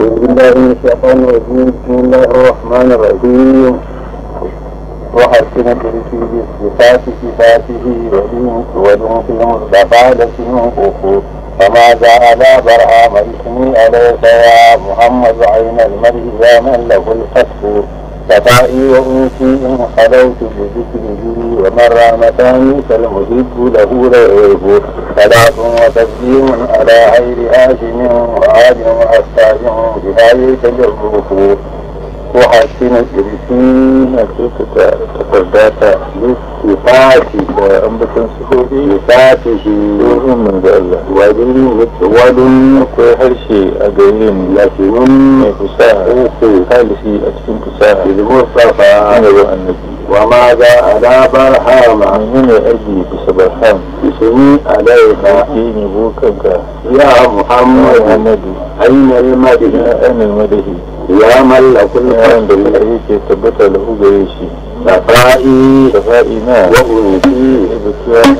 أعوذ بالله من الشيطان الرجيم بسم الله الرحمن الرحيم وحسنت ذكره بصفات صفاته ودون في ولمس مستقالته الكفور فماذا أبى برهام اسمي أليس يا محمد عين المرء يا من له القصور شفائي وأنسي إن خلوت بذكره ومن رحمتان فالمحب له لا يعيب صلاة وتسليم على غير هاشم وعاد وأستاذ بها يتجرب وحسن الجلسين تتردات لصفاتك أنبتن سفوفي لصفاتك روح من الله ودن ودن كل هرشي أدين لكن فساها خالصي أتكين فساها إذ هو الصفا أنا النبي وماذا ألا برحام من أجي بسبرحام بسمي عليها ديني بوكك يا محمد أين المدي أين المدي يا من لكل الحمد لله تبت له جيشي بقائي بقائي ما وأوتي بكيان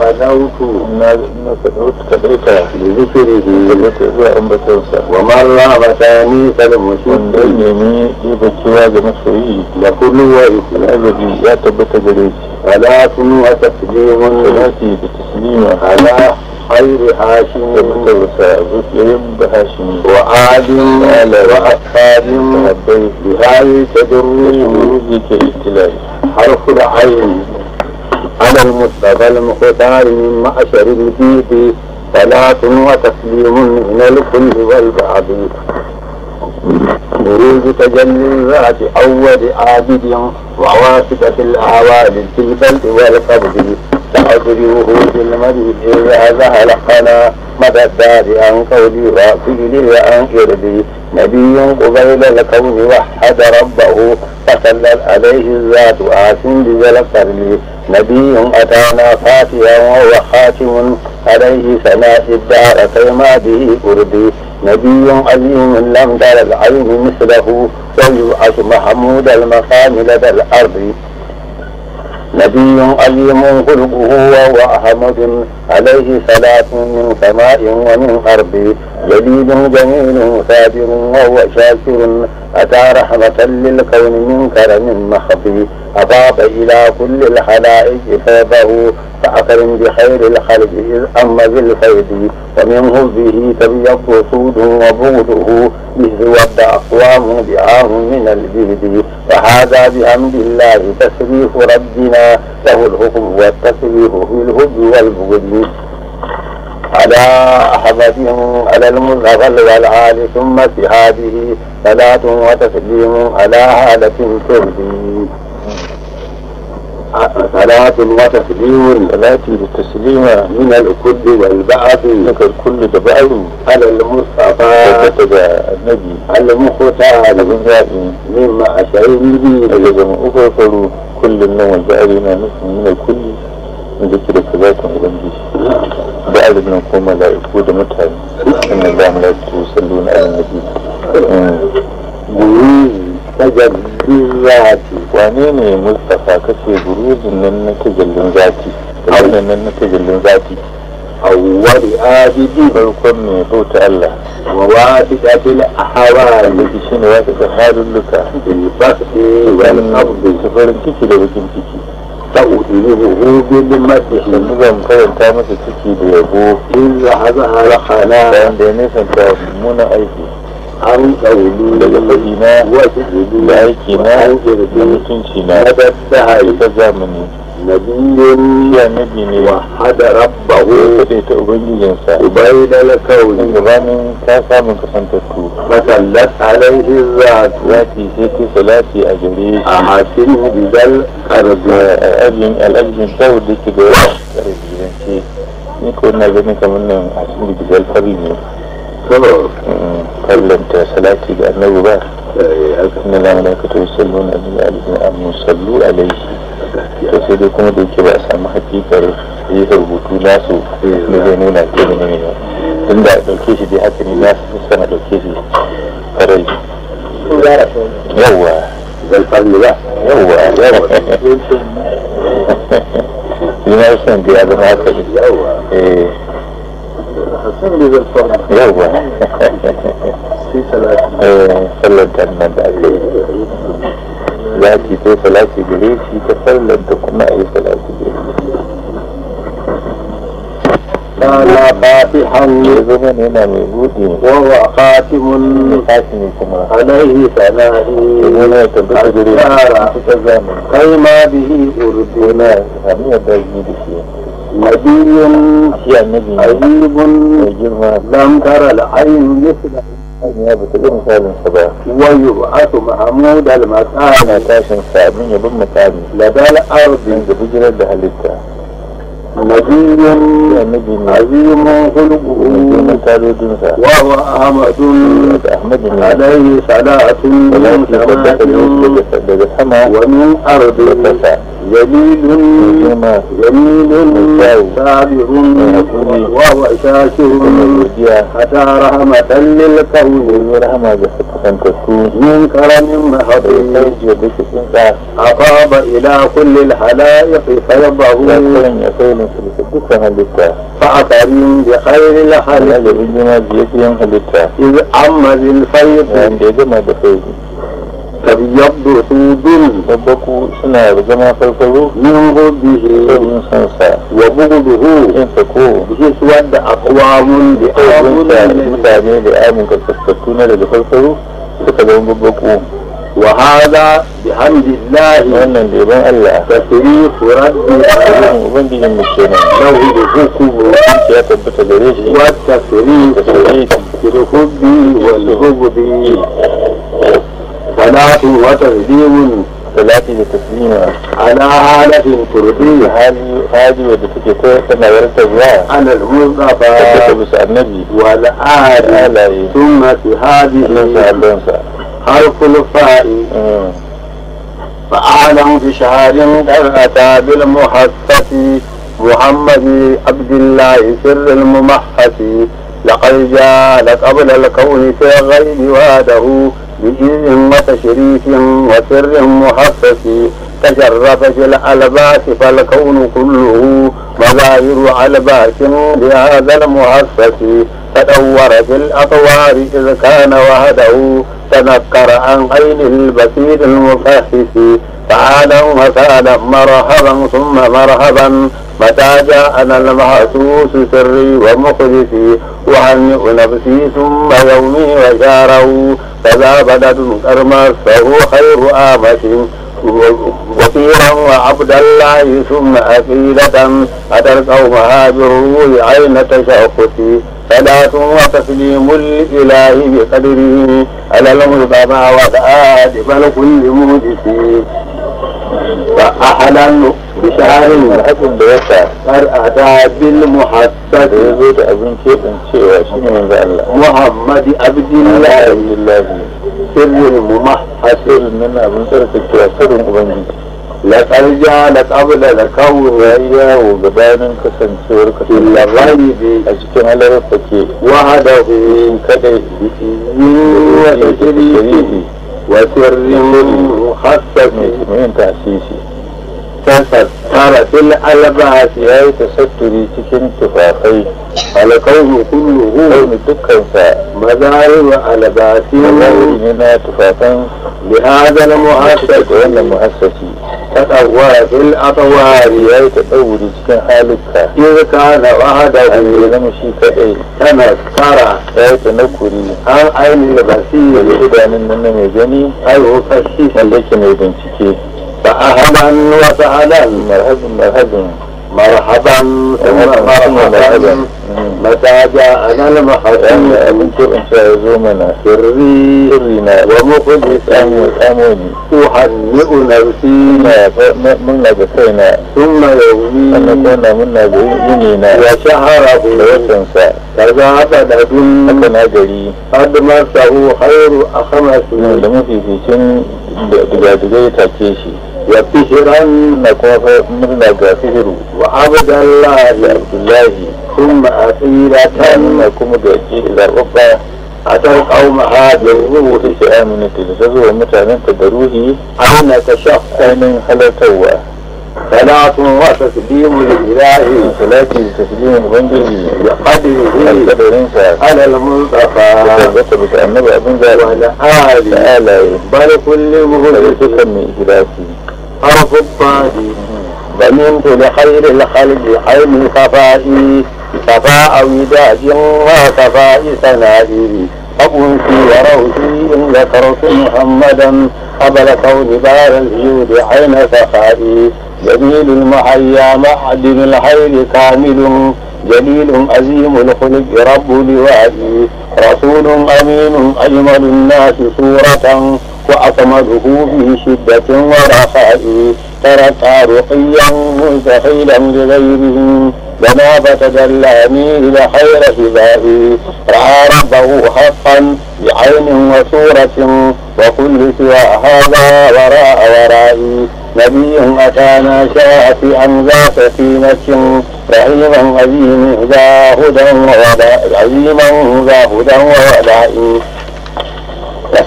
فدوت إن فدوت كذلك بذكره بذكر أمبتنسا ومن رابطاني فالمشيط بيني بكيان مصري لكل وائف الأبدي يتبت جريسي فلا تنوى تسليم ونأتي بتسليم على خير هاشم مسلم بهاشم وآد وأصحاب البيت بهاي تدر بك حرف العين على المصطفى المختار من معشر البيت صلاة وتسليم من الكل والبعض بروز تجلي الذات أول عابد وواسطة الأعوال في البلد والقبض تعبد وهود المدينة إذا هلقنا مدى عن قولي وفعلي وعن قربي نبي قبيل الكون وحد ربه فسلل عليه الذات آسن بذل القرن نبي أتانا فاتيا وهو خاتم عليه سناء الدار كما به قربي نبي عظيم لم تر العين مثله ويبعث محمود المقام لدى الأرض نبي أليم خلقه وهو أحمد عليه صلاة من سماء ومن أرض جليل جميل ثابر وهو شاكر أتى رحمة للكون من كرم مخفي أضاف إلى كل الحلائج فيضه فأكرم بخير الخلق إذ أم بالفيض ومنه به تبيض صوده وبغضه إذ ود أقوام بعام من البيد وهذا بحمد الله تسريف ربنا له الحكم والتسريف في الهد والبغد على أحبتهم على المنغل والعال ثم في هذه صلاة وتسليم على حالة تهدي صلاة وتسليم صلاة بالتسليم من الكل والبعث لك الكل تبعي على المصطفى وكتب النبي على المختار مما أشعرني به لازم أفرفر كل النوم جعلنا من الكل من ذكر الثبات ولم alibin ko mala'iku da mutane dukkan da zamu da su sallu na annabi buruzin zati wane ne mustafa kace buruzin nan na tajallin zafi wannan nan na tajallin zati awwal abidi farkon ne bauta Allah wa wadi qabil ahwal da shine wata halin luka bil baqi wal qabd da farin ciki da bakin ciki ta uɗini hu birnin mafi hannu zan karanta masa ciki da yabo in za a za a raka na bayan da ya nisan ta muna aiki an ƙaunu daga na wata ƙaunu na aiki na an ƙirɗi mutunci na ta hari ta zamani نبي يا نبي وحد ربه فديت أبنجنسا وبين لكون إبان كاسا من كسنتكو فسلت عليه الذات ذاتي سيتي سلاسي أجري أحاسنه بذل أرض الأجن الأجن تاو ديك دوش أرجنسي نيكو نبني كمنا أحسن بذل فريني قبل انت صلاتي بأنه بار إن الملائكة يصلون على الذين آمنوا صلوا عليه to sai dai kuma da yake ba a samu hakikar yi rubutu nasu da zai nuna ke da ne ba tun da ɗauke shi dai haka ne za su sana ɗauke shi farai yawwa yawwa yana son da ya zama haka ne yawwa sallar da nan da ake yi دلوقتي توصل ألف جنيه في تسلم الدكومة يوصل ألف جنيه. كان فاتحا لزمن إمام يهودي وهو خاتم عليه سلام قيم به أردنا نبي عجيب لم ترى العين مثله نيابة الأنثى صباح ويبعث محمود المكان نتاشا سامية بن مكاني لدى الأرض عند بجرة لهلتها نبي عظيم خلقه وهو أحمد عليه صلاة ومن سماء ومن أرض جليل جليل سابر وهو شاكر حتى رحمة للكون من كرم محض أصاب إلى كل الحلائق فيضه فأكرم بخير الحلائق إذ أما للفيض قد يبدو سود وبكو سنا بجما فرفرو من غربه وبغضه انفكو بجيس ود أقوام لأقوام متعني لآمن قد تستطون لدفرفرو فتبعون ببكو وهذا بحمد الله وأن الإبان الله تصريف ربي وبندي المسلمين لو يدفوكم يا تبت الريش والتصريف في الحب والغبن آلة وتسليم ثلاثة وتسليم على آلة تربية هذه هذه ودفتي قوتا نورت على المصطفى تتبس النبي ولا آلة ثم في هذه حرف الفاء آه. فأعلم في شهر دلتا بالمحصة محمد عبد الله سر الممحص لقد جاء لك قبل الكون في غير واده بجزء وتشريفهم وسر محفف تشرف في الألباس فالكون كله مظاهر ألباس بهذا المحفف تدور في الأطوار إذ كان وحده تنكر عن عين البصير المفحص تعالى وسالا مرحبا ثم مرحبا متى جاءنا المحسوس سري ومخلصي وعن نفسي ثم يومي وشاره كذا بدد كرما فهو خير آمة وفيرا وعبد الله ثم أكيدة أتى القومها بالروح عين تشاقتي صلاة وتسليم الإله بقدره على الملك ما وتآدب لكل موجسي فأحلى بشعار الأسد بيسع أرأتا بالمحدد يزود أبن كيف انتشيوا شنو من ذا الله محمد عبد الله عبد الله سر الممحس من أبن سرة الكواسر ومبنجي لقد جعلت قبل لكون وإياه وقبان كسن سور كسن لغيب أجتنا لرفك وهده كده وسر وسر خصك من تأسيسي matarsa tarasil alaba ya yi ta satturi cikin tufafai alkaunu kullu huwa dukkansa mazahir wa alabasi ne na tufafan bi hadal mu'assas wannan mu'assasi ta tsawa fil atwari ya yi ta tsauri cikin halitta in ka da wahada an yi zama shi kadai tana tara ya yi ta nakuri an ainihin labasi da idanun nan mai gani ai wa fashi wanda yake mai bincike فأهلا وسهلا مرحبا مرحبا مرحبا مرحبا متى جاءنا المحسن أنتم فيزومنا سري سرنا ومخلص أمني أهنئ نفسي منا بكينا ثم يغني أن كنا منا بيننا وشهره ويتنسى كذا أبدا أكنا جري قد مسه خير أخمس لما في في شن دجاجي تاكيشي وسحرا مطلق سحر وعبد الله عبد الله ثم أسيرة وكم جاكي إلى الربا أتر قومها جروه تشاء من تلسز ومتعن تدروه عين كشخص من حلتوى صلاة وتسليم لله صلاة تسليم بنجي يقدره على المصطفى وعلى آله بل كل مهدف تسمي إلهي حرف الطاء ظننت لخير الخلق حين صفائي صفاء وداج وصفاء سنائي فأنسي وروحي إن ذكرت محمدا قبل كون دار الهيود عين سخائي جميل المحيا معدن الحيل كامل جليل عزيم الخلق رب لوائي رسول أمين أجمل الناس صورة وأطمده بشدة ورخاء تركها رقيا مستحيلا لغيره بما فتدلاني إلى خير فدائي رأى ربه حقا بعين وصورة وكل سوى هذا وراء ورائي نبي أتانا شاء في أنذا سكينة رحيما عظيما ذا هدى وولاء عظيما ذا هدى وولاء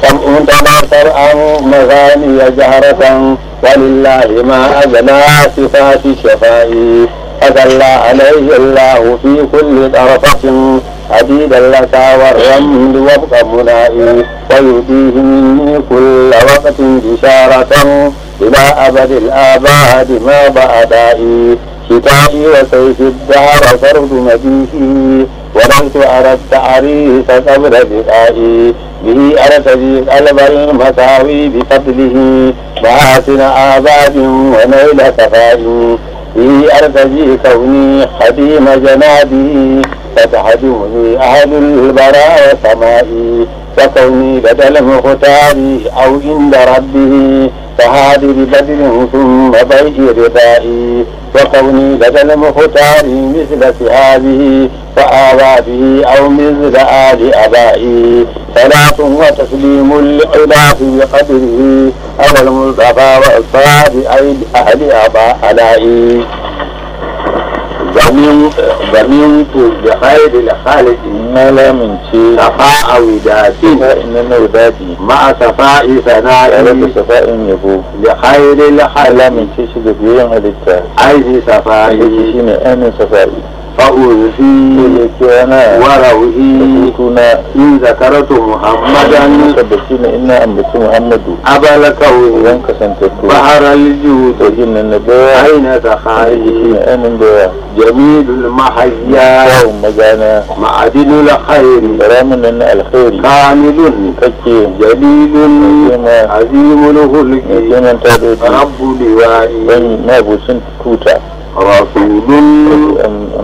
سمع ترى سمعا مغاني جهرة ولله ما أغنى صفات شفائي أدل عليه الله في كل طرفة عديد لك والرمل وابقى منائي ويؤتيه مني كل وقت بشارة إلى أبد الآباد ما بعدائي شتائي وسيف الدار فرد مديحي ورمت أردت عريس صبر دقائي به أرتدي قلب المساوي بفضله محاسن آباد ونيل سفائي به أرتدي كوني حديم جنابي فتحدوني أهل البراء سمائي وكوني بدل مختاري أو عند ربه فهذه بدل ثم بيع ردائي وكوني بدل مختاري مثل ثيابه وآبائه أو مثل آل أبائي صلاة وتسليم في قدره أو المصطفى وإصحاب أهل أبا علائي ضمير ضميرت بخير الخالق إن لم انشي صفاء وداتي فإن وداتي مع صفاء ثنائي ولك صفاء يبو لخير الخالق لم انشي شدك بيوم هذا أي صفائي شيني أنا صفائي فأوزي وروي إن ذكرت محمدا إن أمت محمد أبا لك بحر الجود أين تخايل جميل المحيا مجانا معدن الخير برامن الخير كامل جليل عظيم الخلق رب لوائي ما بوسنت كوتا rasulun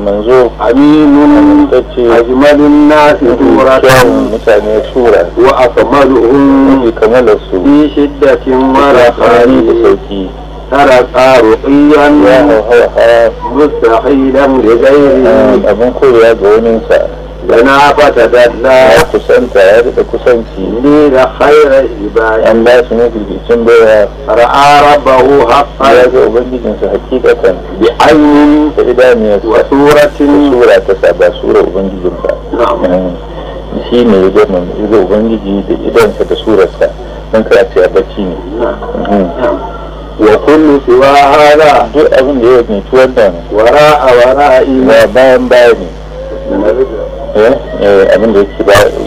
manzo aminun ajmalin nasi turatan mutane sura wa akmaluhum bi kamalarsu bi shiddatin wa rahani da sauki ترك رقيا مستحيلا لغيره أبن كل يدعو منك lana bata dalla ya kusanta ya rika kusanci ni da khairar ibadi an ba shi mafificin baya ra'a rabbahu haqqan ya ga ubangijinsa hakikatan bi aynin da idaniyarsa wa suratin sura ta ba sura ubangijinsa eh, shi ne ya gama ya ubangiji da idansa da surarsa don kana ce a bacci ne mm-hmm. wa kullu siwa hada duk abin da ya ne wannan wara a wara ina bayan bayani Eh, abin da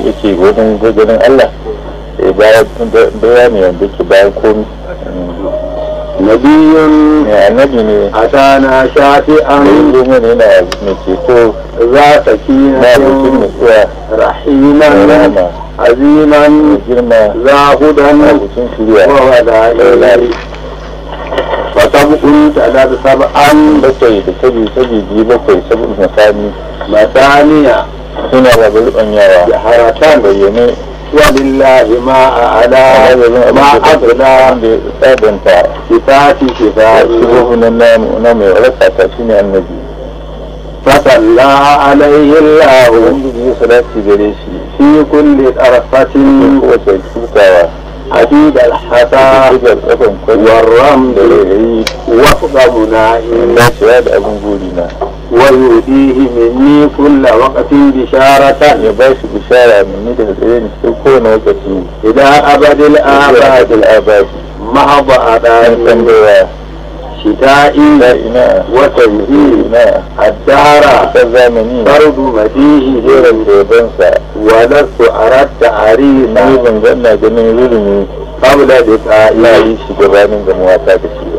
yake wajen gajen Allah eh, bayan wanda yake bayan komi nabiyun eh, annabi ne atana shafi'an yanzu ne na mai ceto za ta kina rahiman aziman girma za hudan wa wada'ilai وسبع ثلاث سبعا بقي بقي biyu بقي سبع مساني masaniya. هنا وبيء يوا حركان بيني ولله ما أعلى ما أغلى أبنتا صفاتي صفاتي شبه نام نام عرفة شنو النبي فصلى عليه الله في كل طرفة حديد الحسا والرمل وفق بنائه ويؤديه مني كل وقت بشارة يباش بشارة مني تنسلين تكون وقتي إلى أبد الآباد الآباد محض أداني شتائي وتنزيل الدهر برد مديه غير الجبنسة ولست أردت عريضا قبل دقائق لا يشي جبان جمواتك شيء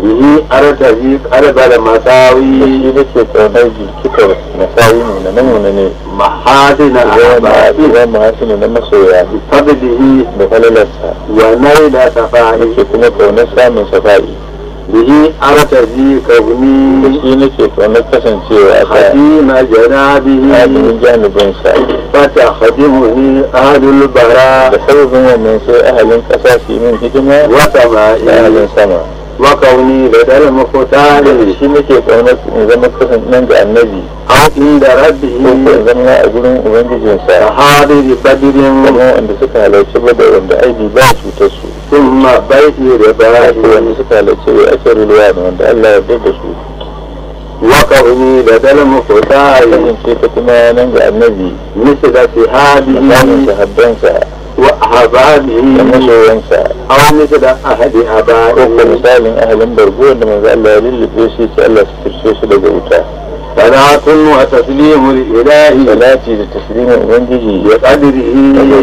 bihi arata bi araba da masawi shi da ke tsanar jikita masawi nuna nuna ne mahadina ahbadi wa mahadina na masoya bi fadlihi da falalarsa wa nai da safahi ke kuma kaunar samun safahi bihi arata bi kabuni shi ne nake kaunar kasancewa ta hadina janabihi hadin janibinsa fata hadimuhi ahadul bara da sababin wannan sai ahalin kasa su yi min hidima wata ma'i ahalin sama وقولي بدل مختال شي muke kaunar su zama kasan nan da annabi a inda rabbi ko zama a gurin ubangijin sa hadiri badirin wanda suka halarci ba da wanda aibi ba cutar su kuma baiti da baiti wanda suka halarci ba ake ruwa da wanda Allah ya bada su وقعوا بدل مختال ce ta kuma nan ga annabi misali hadi nan ta أبائهم أو مثل أحد آبائهم مثال أهل بربون من قال له للبيسي سأل استرسوس لجوتا صلاة وتسليم لإلهي صلاة لتسليم أبنجي وقدره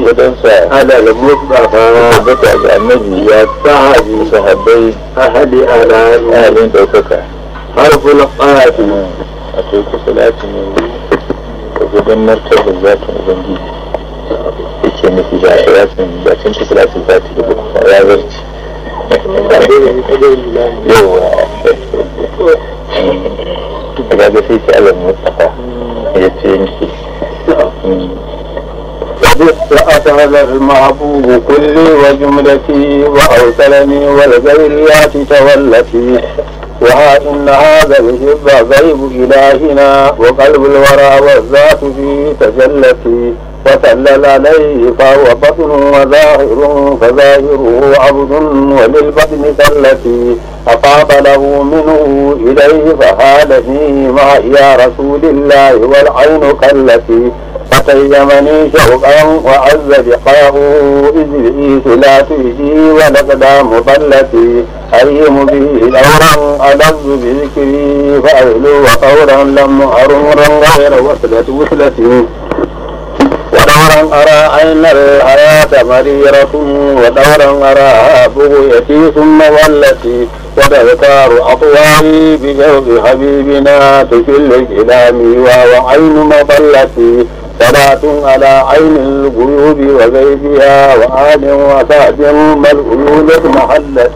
ودنسى على المصطفى بتع النبي والسعد صحبي أهل آلائي أهل دوكك حرف القاة أتيك صلاة وقدم مركز ذات أبنجي ce miki za a ya sun da cin ci salatin fati da buku ya zarci yawa ga ga sai ce alam mutaka ya المعبود كلي وجملتي وأوصلني ولغيريات تولتي وها إن هذا الهب غيب إلهنا وقلب الورى والذات في تجلتي وسلل عليه فهو بطن وظاهر فظاهره عبد وللبطن التي أصاب له منه إليه فيه مع يا رسول الله والعين كالتي فتيمني شوقا وعز لقاه إذ الإيس لا تهدي والأقدام ضلتي أيم به دورا ألذ بذكري فأهل وطورا لم أرمرا غير وصلت وصلتي دورا أرى أين الحياة مريرة ودورا أرى بغيتي ثم ولتي وتذكار أطواري بجوز حبيبنا تشل كلامي وعين مظلتي صلاة على عين القلوب وبيتها وآل وسعد ما محلتي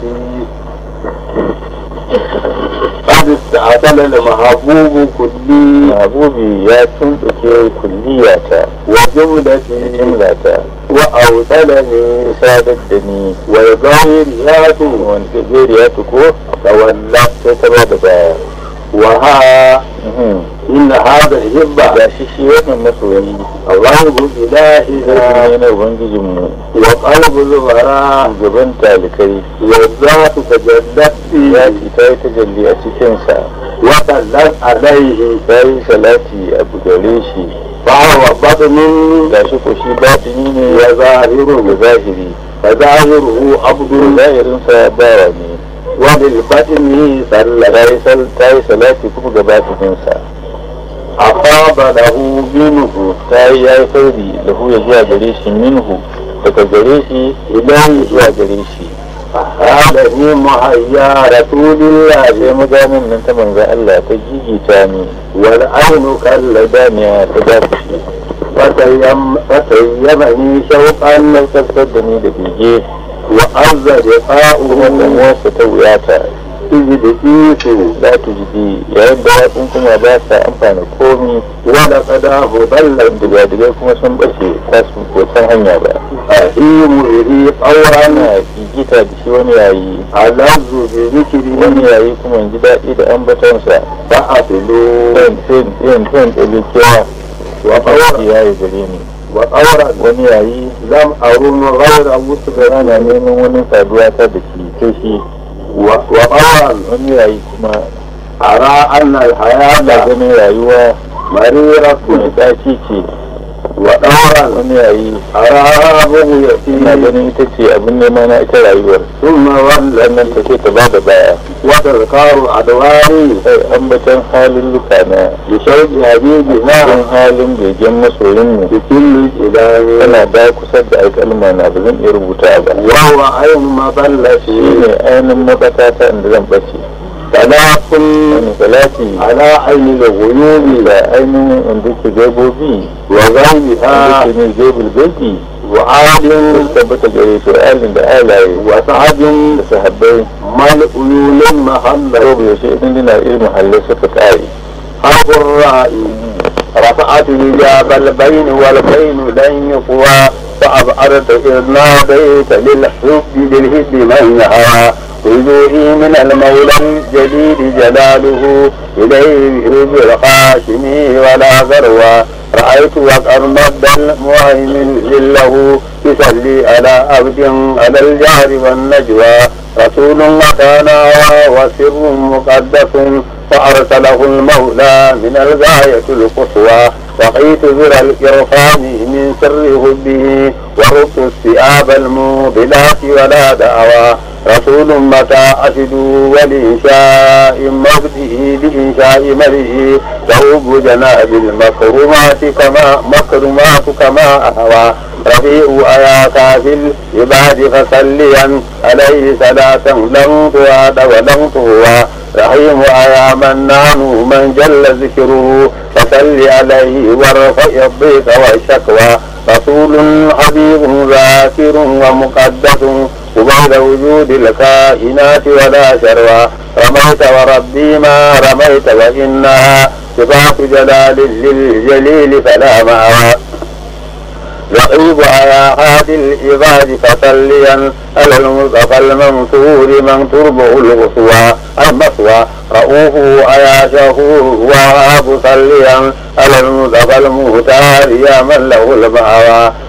قد استعطل المحبوب كلي محبوبي يا تنبكي كلياتا وجملتي جملتا وأوصلني سادتني والغيريات والغيريات كو تولى تتبع بها wa ha mhm. inna hada hibba ga shi shi wannan masoyi Allahu bi la ilaha illa ubangijin mu wa qalbu zubara gaban talikai wa zatu tajallati ya ci ta yi tajalli a cikin sa wa sallat alaihi sai salati a gare shi ba wa batnin ga shi ko shi batini ne ya zahiru ga zahiri fa zahiru abdul zahirin sa bawa ne wa bil fatimi sallarai ta yi salati kuma gabatin sa afaba lahu minhu ta yi ya yi sauri lahu ya zuwa gare shi minhu daga gare shi idan zuwa gare shi hada ni muhayya rasulillah sai maganin nan ta manzo Allah ta gigita ni wal ainu kallada ni ta gafi fatayyama ni shauƙan na tsarkar da ni da bege وأرض رقاء وتموت وياتا izi da isu za ta jibi yayin da watsun kuma ba sa amfani komi wala kada hoballan diga-diga kuma sun bace ta sun kotan hanya ba a imu iri aura na gigita da shi wani yayi alazu da zikiri wani yayi kuma ji daɗi da ambatonsa ba a filo yin yin yin ɗalikiya wa aura yayi gare ni wa aura wani yayi zam a ruwan rawar abu da rana neman wani saduwa ta da ke ta shi wa ɓawar wani rayu kuma a ra'an alhaya da ganin rayuwa mariyar kuma ta ce wa ɗaura wani yayi a rara ya na ganin ita ce abin nema na ita rayuwar sun ma wannan ta ce ta bada baya wata zakaru a dawari sai ambatan halin luka na ya shauki habibi na don halin begen masoyin mu cikin idanu yana ba kusa da alƙalma na ba zan iya rubuta ba wawa ayin ma balla shi ne ainihin mabata ta inda zan bace تلاقل ثلاثي على عين الغيوم إلى عين عندك جابوبي وغيرها عندك من جيب البيتي وعاد ثبت جري سؤال بآلاي وسعد سهبي مال عيون محل ربي شيء لنا إيه محل سفتاي حرف الرائي رفعت الإجابة البين والبين لن يقوى فأبعدت إذ ناديت للحب بالهب من هوى خذوه من المولى الجليل جلاله إليه رجع ولا ذروة رأيت وقر مد المهيمن ذله يصلي على عبد على الجهر والنجوى رسول وتناوى وسر مقدس فأرسله المولى من الغاية القصوى وقيت ذر الإرفان من سر هده وربت الثياب الموبلات ولا دعوى رسول متى أسد ولإنشاء مقده لإنشاء مره له جناب المكرمات كما مكرمات كما أهوى رفيع أياك في العباد فصليا عليه صلاة لم تعد ولم تهوى رحيم أيا منان من جل ذكره فصل عليه وارفع الضيق والشكوى رسول حبيب ذاكر ومقدس وبعد وجود الكائنات ولا شروى رميت وربي ما رميت وإنها صفات جلال للجليل فلا مأوى يقيب على عاد العباد فصليا على المصطفى المنصور من تربه الغصوى المصوى رؤوه على شهور وهاب صليا على المصطفى المهتار يا من له المأوى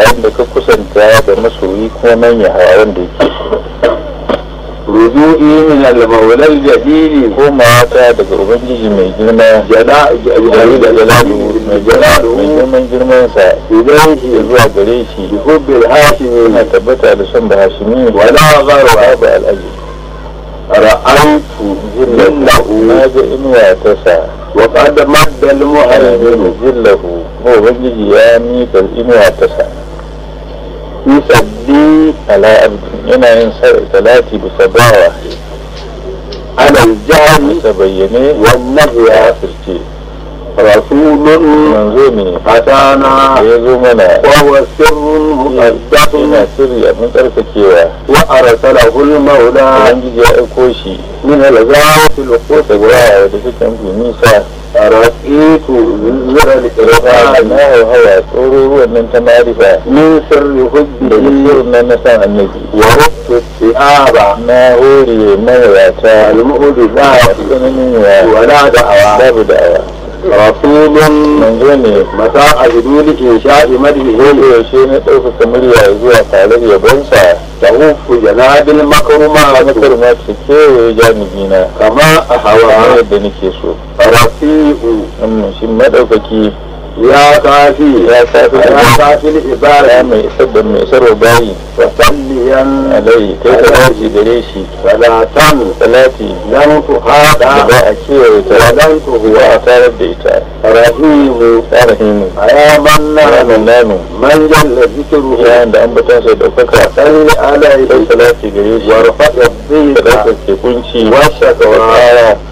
yayin da ka kusanta da masoyi kuma manya hawan da yake rudu'i min na mawlal jadidi ko mata daga ubangiji mai girma jana jari da jalalu mai jalalu mai girman girman sa idan shi zuwa gare shi da bi hubbil ne na tabbata da son da hashimi wala ghayra ba al-ajib ra'aytu jillahu na ga inuwa ta sa wa a وقد مد المعلم جله ya بجي inuwa ta sa يثبي على أبنائنا ثلاثة بصباوة على الجهل تبيني والنهي آخرتي رسول منظومي أتانا يزومنا وهو سر مؤدب إلى سر مترككيوا وأرسله المولى من الغاوة الوقوف وعلى ذلك في نيسا رأيت ذرا لإرضانا وهو أسعره ومن تمارفة من سر حبه يسرنا نسان النبي وربت الثعاب ما هوري ما يواتا المؤد ذات ولا دعوة باب دعوة rasulun manzo ne mata a hiduli in sha imadi hilo shi ne ɗaukaka murya zuwa tare da yabonsa ta hufu janabin makaruma a makaruma ke kewaye jami'ina kama a hawa yadda nake so rafi'u shi madaukaki ya kafi ya kafi ya kafi ibara mai sabon mai sarwa bayi wa salliyan alai kai salati gare shi salatan salati lam tu hada ba a kewaye ta lam tu huwa tarar da ita rahimu rahimu ayaman nanu nanu man jalla zikru ya da ambatan sai daukaka salli alai kai salati gare shi wa rafa'a bi salati kunci wa shakawara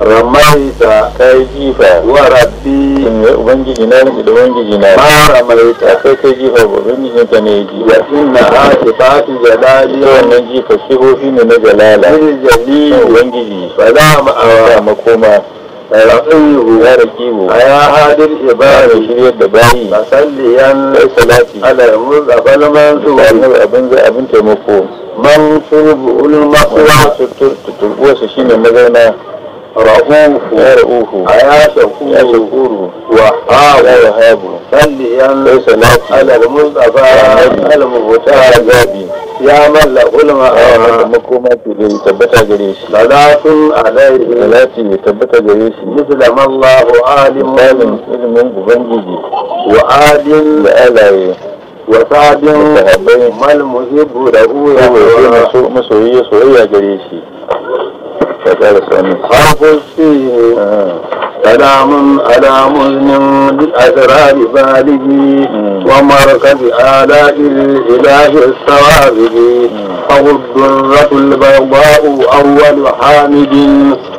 ramai da kai jifa wa rabbi ne ubangiji na ne da ubangiji na ma ramai ta kai kai jifa ba ubangiji ta ne ya inna asifatu jalali wannan jifa sihofi ne na jalala ne jali ubangiji fa za mu awa makoma ra'ayyuhu ya rakibu a ya hadin ibari shiryar da bayi masalliyan salati ala murza balman su wannan abin zai abin taimako man turbu wa maqwa tuturbuwa su shine mazauna رؤوف رؤوف يا شكور وهاب وهاب صليا ليس لك على المصطفى المختار جابي يا من له المعارف مكوما كده تبتا جريش صلاة عليه صلاتي تبتا جريش مثل ما الله عالم علم بنجي وعالم عليه وسعد وصحبه ما المحب له يا مسوية سوية جريشي حافظ فيه سلام على مزن بالأسرار بالغي ومركز آلاء الإله السوابق فغض الرة البيضاء أول حامد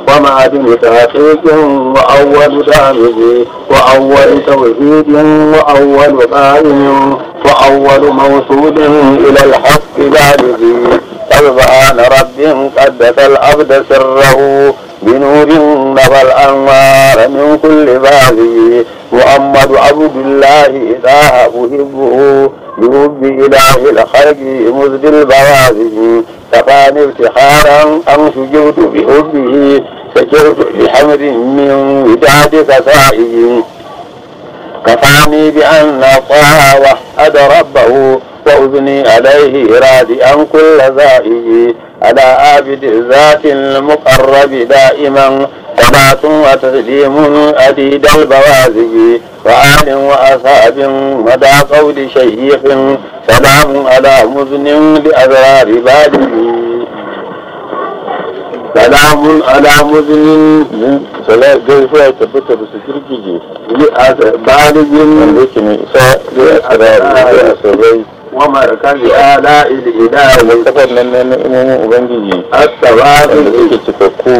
ومعدن تحقيق وأول دامج وأول توحيد وأول قائم وأول موصول إلى الحق بالغي سبحان رب قدس العبد سره بنور نبى الأنوار من كل بابه محمد عبد الله إذا أحبه بحب إله الخلق مزد البوابه تفاني افتخارا أم سجود بحبه سجرت بحمر من وداد سائه كفاني بأن طه وحد ربه وأذني عليه رادئا كل ذائه على عابد ذات المقرب دائما صلاة وتسليم أديد البوازج فعال وأصحاب مدى قول شيخ سلام على مذن لأبرار بادي سلام على مذن سلام على مذن سلام على مذن سلام على مذن yake mai isa wa markazi ala ilahu muntakar nan na ni'imomin ubangiji at-tawadu da suke cikakku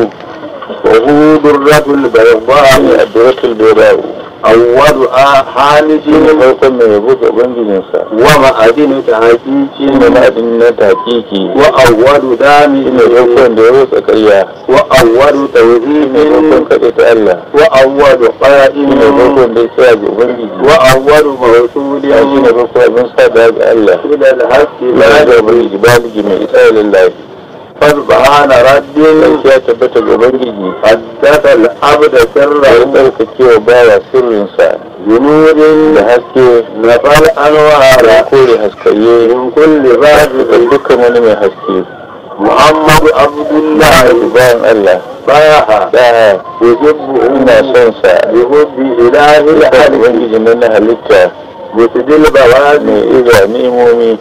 wa hudur rajul bayda ne a duratul bayda awwadu a hamidi ne farkon mai yabo ga ubangijinsa wa ma'adini ta hakiki ne ma'adini na ta wa awwadu dami ne farkon da ya rusa karya wa awwadu tawhidin ne farkon kaɗe ta Allah wa awwadu qa'im ne farkon da ya tsaya ga ubangiji wa awwadu mawsuli ne farkon abin sa da ga Allah da haske ba ga ubangiji ba mai isa lillahi fasbahana rabbin ba tabbata ga ubangiji haddasa al'abda sirra wannan sirrinsa junurin da haske na fal anwa da kore babu da mai haske muhammadu abdullahi bayan allah baya da yuhibbu ina son sa da na halitta ne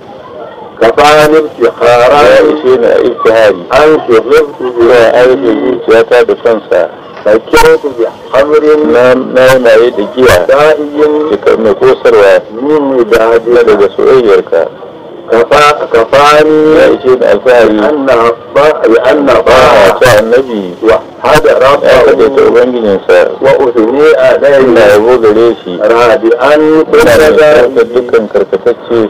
tsakanin ikhara ya ishe ni a ikhtihari an shahimtu ya aiki zuciyata da kansa فكرت بحمر نام نام عيد جيا دائم كم كوسر من بعد لدى سعيرك كفا كفاني يجين الفاري أن با لأن با شاء النبي وهذا رب هذا توبان جنسا وأثني عليه لا يبغى ليشي رادي أن كل ذلك دكان كركتشي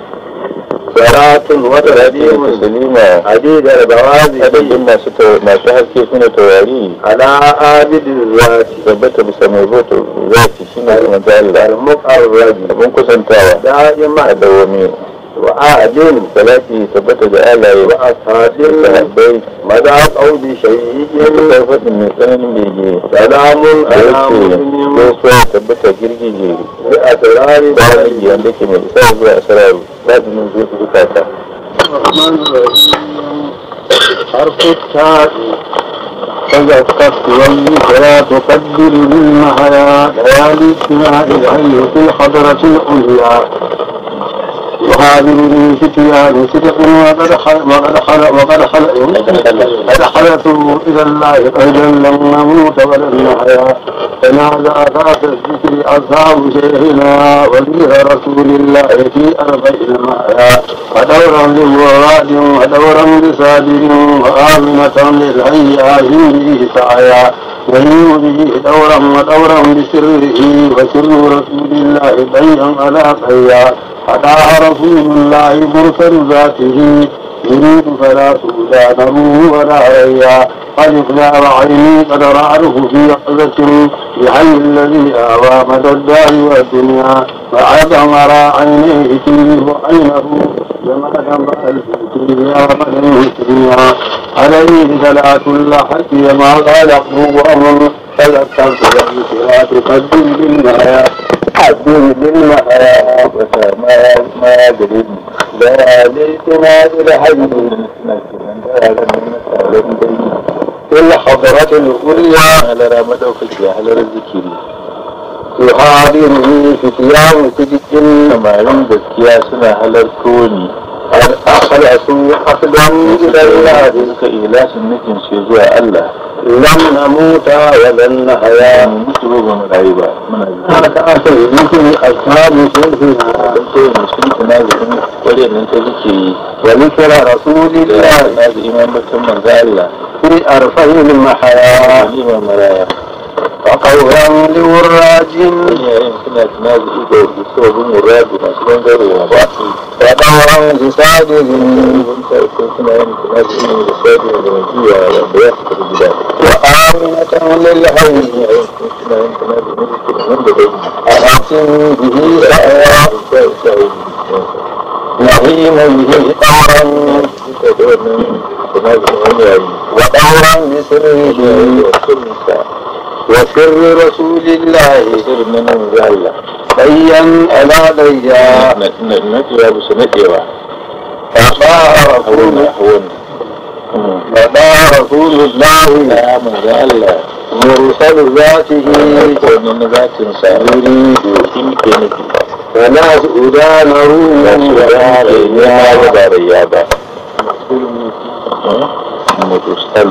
saratun wata rabi'un salima adi da rabawazi adadin masu masu haske sune taurari ala abidin zati tabbata bisa mai bota zati shine manzo Allah al-muqarrab abun kusantawa da'ima dawami وعادين ثلاثي ثبت جعل وأصحاب البيت ماذا قول شيء ثبت من سنن بيجي سلام على مسلم وسوى ثبت جرجي جي بأسرار بارجي عندك من إسرار بأسرار لازم نزول بكاتا حرف التاء فإذا تستوي فلا تقدر منها ليالي السماء العلي في الحضرة العليا وهذه فتيان صدق وقد وقد خلق وقد خلق وقد خلقوا الى الله قيلا لن نموت ولن نحيا فنادى ذات الذكر اصحاب شيخنا ولي رسول الله في اربع المايا ودورا لمراد ودورا لصادر وآمنة للحي آهين به سعيا ولي به دورا ودورا بسره وسر رسول الله بيا على خيا أتاه رسول الله مرسل ذاته يريد فلا تؤذى ولا عليا قد اقلع وعيني قد رعره في عزة بحي الذي آوى مدى الدار والدنيا فعاد مرى عينيه فيه وعينه جمالا بألف يا مدنه الدنيا عليه ثلاث حتي ما خلقه وأمر فذكرت بالصراط قدم بالنهاية حسين بما ما يدري ذلكما بالحمد كل حضرات الأولى على رمضان في الجهل الذكري fi hadirihi fitiyahu ta cikin lamarin gaskiya suna halarto ni har akhara su afdan ila Allah da suka ila sun nufin zuwa Allah lam namuta wa lan nahaya mutu ba mu rayu ba muna ka asa yankin ashabu sun fi to ne kware nan ta yi wa ni kira da manzo Allah fi mahaya maraya Ƙauran liwurajin ya yin fina fina da وسر رسول الله سر من الله بيّن ألا بيّا نتوى بسنتوى فباع رسول فباع رسول الله يا من الله مرسل ذاته ومن ذات سعيري فناس أدانه يا ريابا مرسل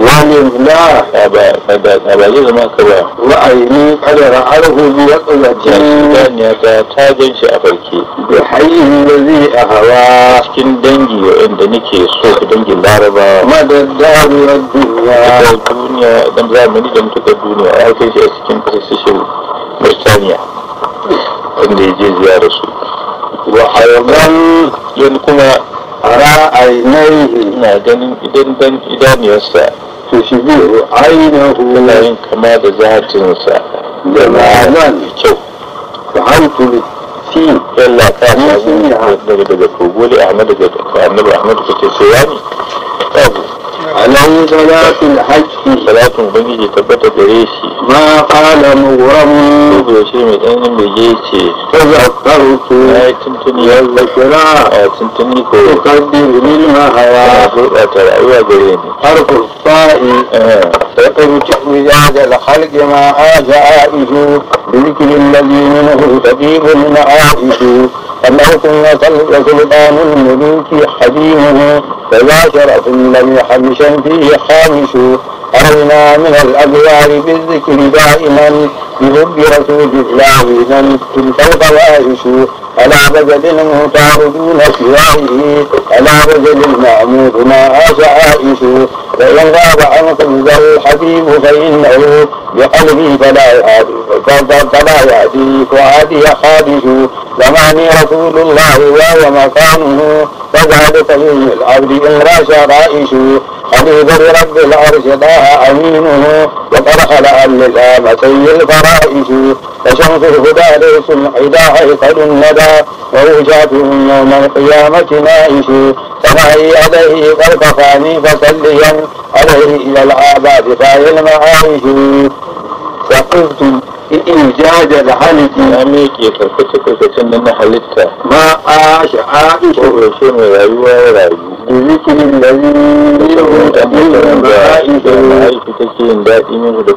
zalim la ba zai zama ka ba ra'ayi kadara arhubi ya tsallaci dan ya ga ta ganshi a farke da hayyin da zai a hawa cikin dangi wanda nake so dangin laraba madaddariyar duniya da duniya dan zamani da mutuka duniya ya kai shi a cikin kasashen Birtaniya wanda ya je ziyarar su wa a yanzu kuma ra'ainihi ina ganin idan dan idaniyarsa to shi biyu ainihu yana yin kama da zatinsa da ma'ana mai kyau to har tuli fi yalla ka samu daga daga kogo da ahmad daga annabi ahmad kace sai yani babu عليه صلاة الحج صلاة بنجي تبت بريسي ما قال مغرم وبيشي مدين بجيسي تذكرت لا تنتني يلا كرا تنتني كو تقدم منها هوا فرقة العيوة بريني حرف الصاء آه. تقل تحويجا لخلق ما آجائه بذكر الذي منه تجيب المعائش أنه سنة وسلطان الملوك حديمه فذا شرف لم يحمشا فيه خامس أرنا من الأبوار بالذكر دائما بحب رسول الله من تلك الغائش على بدل دون سوائه على رجل المعمود ما عائشه فإن غاب عن قلبه الحبيب فإنه بقلبه فلا يعادي فلا يعدي فعادي حادث زماني رسول الله وهو مقامه فذلك من العبد إن راش رائش حبيب لرب العرش ضاع أمينه وقد خلع سي الفرائش فشمس الهدى ليس عداها قد الندى عنها ويرجع يوم القيامة نائشي فمعي عليه فارفقاني فصليا عليه إلى العباد خير المعايش فقلت إيجاد الحلق أميك يكركت كركتن أن حلقتها ما عاش عائش وشم رأيوة رأيوة بذكر الذي يهود أميك عائش عائش تكين دائما لك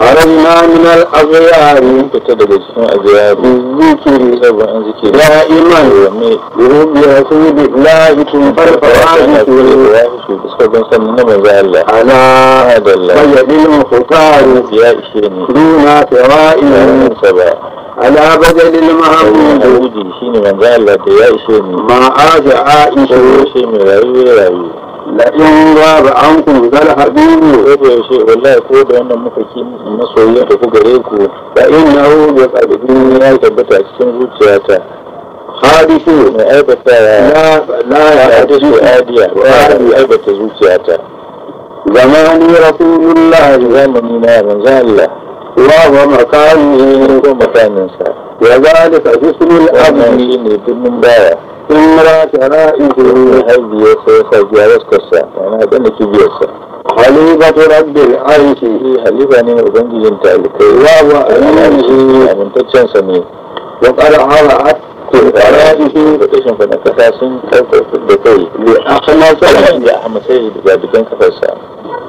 haramna min al-azyar mun fita daga cikin azyar zikiri sabon zikiri ya iman ne rubi ya sun bi la itun farfawa zikiri ya su suka ban san na manzo Allah ana hadalla bayyadin fuqar ya ishe ni duna tawa'in saba ala badalil mahmud wuji shine manzo Allah da ya ishe ni ma aja aisha mai rayuwa rayuwa لكن غاب عنكم زل حبيبه هذا الشيء والله كود أن مفكين مسؤولية تفوق فإنه يفعل الدنيا يتبتع سنجو تياتا حادث من أبا لا لا يحدث آدية وآدي أبا تزو تياتا زماني رسول الله زمن ما منزال الله الله مكانه ومكان إنسان وذلك جسم الأمر من ابن مبارك imraatana intii hayyeysa sajjaadadkasa ma'ana da nakijiyarsa halibatu rabbil arshi haliba ne ubangijin talikai wa wa aminci amintaccensa ne wa qara hara'at ce ƙwararrihi da kashin fadin kasa sun karfafa da kai da akalasa da hamasai da gabitan kafarsa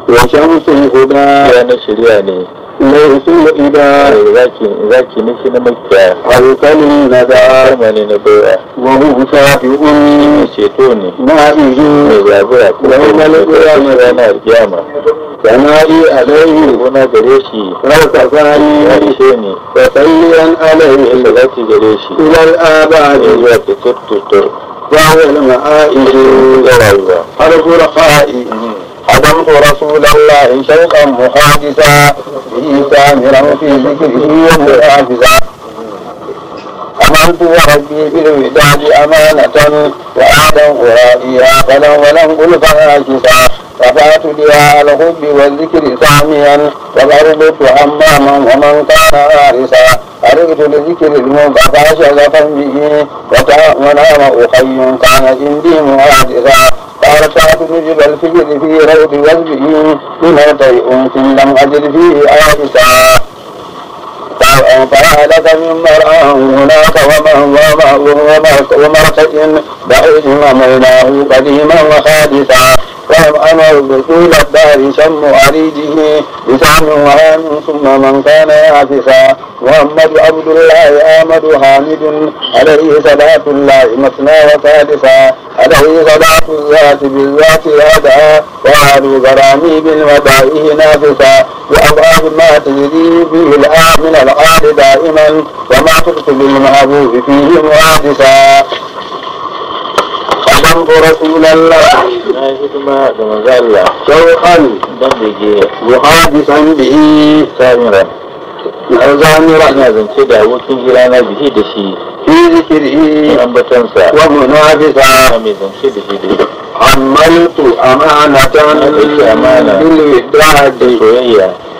wace musu huda ranar shirya ne mai usul ida eh, zaki zaki ne na makiya abokanin na da armani na baiwa wani huta fi un ceto ne na izu mai zabura kuma ina na baiwa ne ranar kiyama yana yi alaihi kuna gare shi rauka zani ya ishe ne wa tsalliyan alaihi da zaki gare shi ilal الزاهد وتكتت وهو المعائد والله حرف رخائي حضرت رسول الله شوقا محادثا به سامرا في ذكره ومحافظا أمنت وربي بالوداد أمانة وآدم ورائيا فلو ولم قل فهاجسا رفعت بها الخب والذكر ساميا وضربت حماما ومن كان عارسا عرفت لذكر الموت فاشغفا به ونام اخي كان عندي محادثا فارسلت نجب الفجر في روض وجهه بموتي انس لم اجد فيه عارسا فهلك من مرأة هناك ومرتئ بعيد ومولاه قديما وحادثا ولو أمر بطول الدهر شم عريجه بشأن وهان ثم من كان يعففا محمد عبد الله آمد حامد عليه صلاة الله مثنى وثالثا عليه صلاة الذات بالذات هذا وعلى غرامي بالودائه نافسا وأبعاد ما تجري به الآن من الآل دائما وما تكتب المعبوب فيه معادسا كلمت رسول الله شوقا محادثا به سامرا الزامرا نازن كده وكن جرانا به دشي في ذكره أنبتنسا ومنافسا أميزن كده شده عملت أمانة بالوداد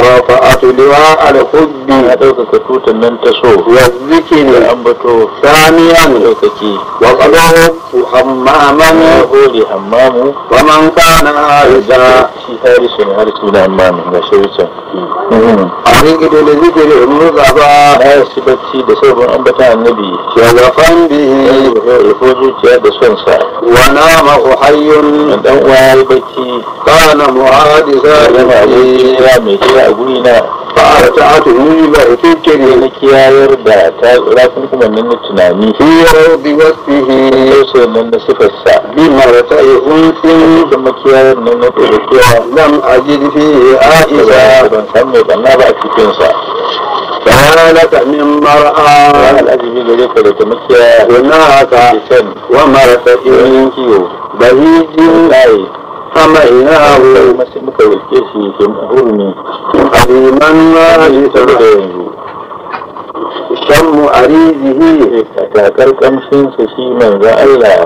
rafa'atu liwa al-khuddi ya dauka tutan nan ta so wa zikiri ambato samiya mu dauke wa qalahu hammaman yahudi hammamu wa man kana haiza shi tare shi ne har shi da hammam ga shawicin an yi gido da zikiri in muka ba da shi bacci da sabon ambata annabi ya gafan bi ya yi fuzu da son sa na ma ku hayyun dan uwa ya yi bacci kana ya yi ya mai kira a guri na ba a ta hatu ni ba ita ke ne na kiyayar da ta rafin kuma nan na tunani shi ya rabi wasu hi yaushe nan na sa. bi mara ta unsin da makiyayar nan na tsorokiya nan a jirfi a isa ban san mai banna ba a cikinsa فهلك من مرأة الأجل جريك لتمكيا هناك ومرأة إنكيو بهيج sama ina abu masu muka yake shi ke hurmi aliman ma isa da yanzu shammu arizihi kakar kamshinsa shi manzo Allah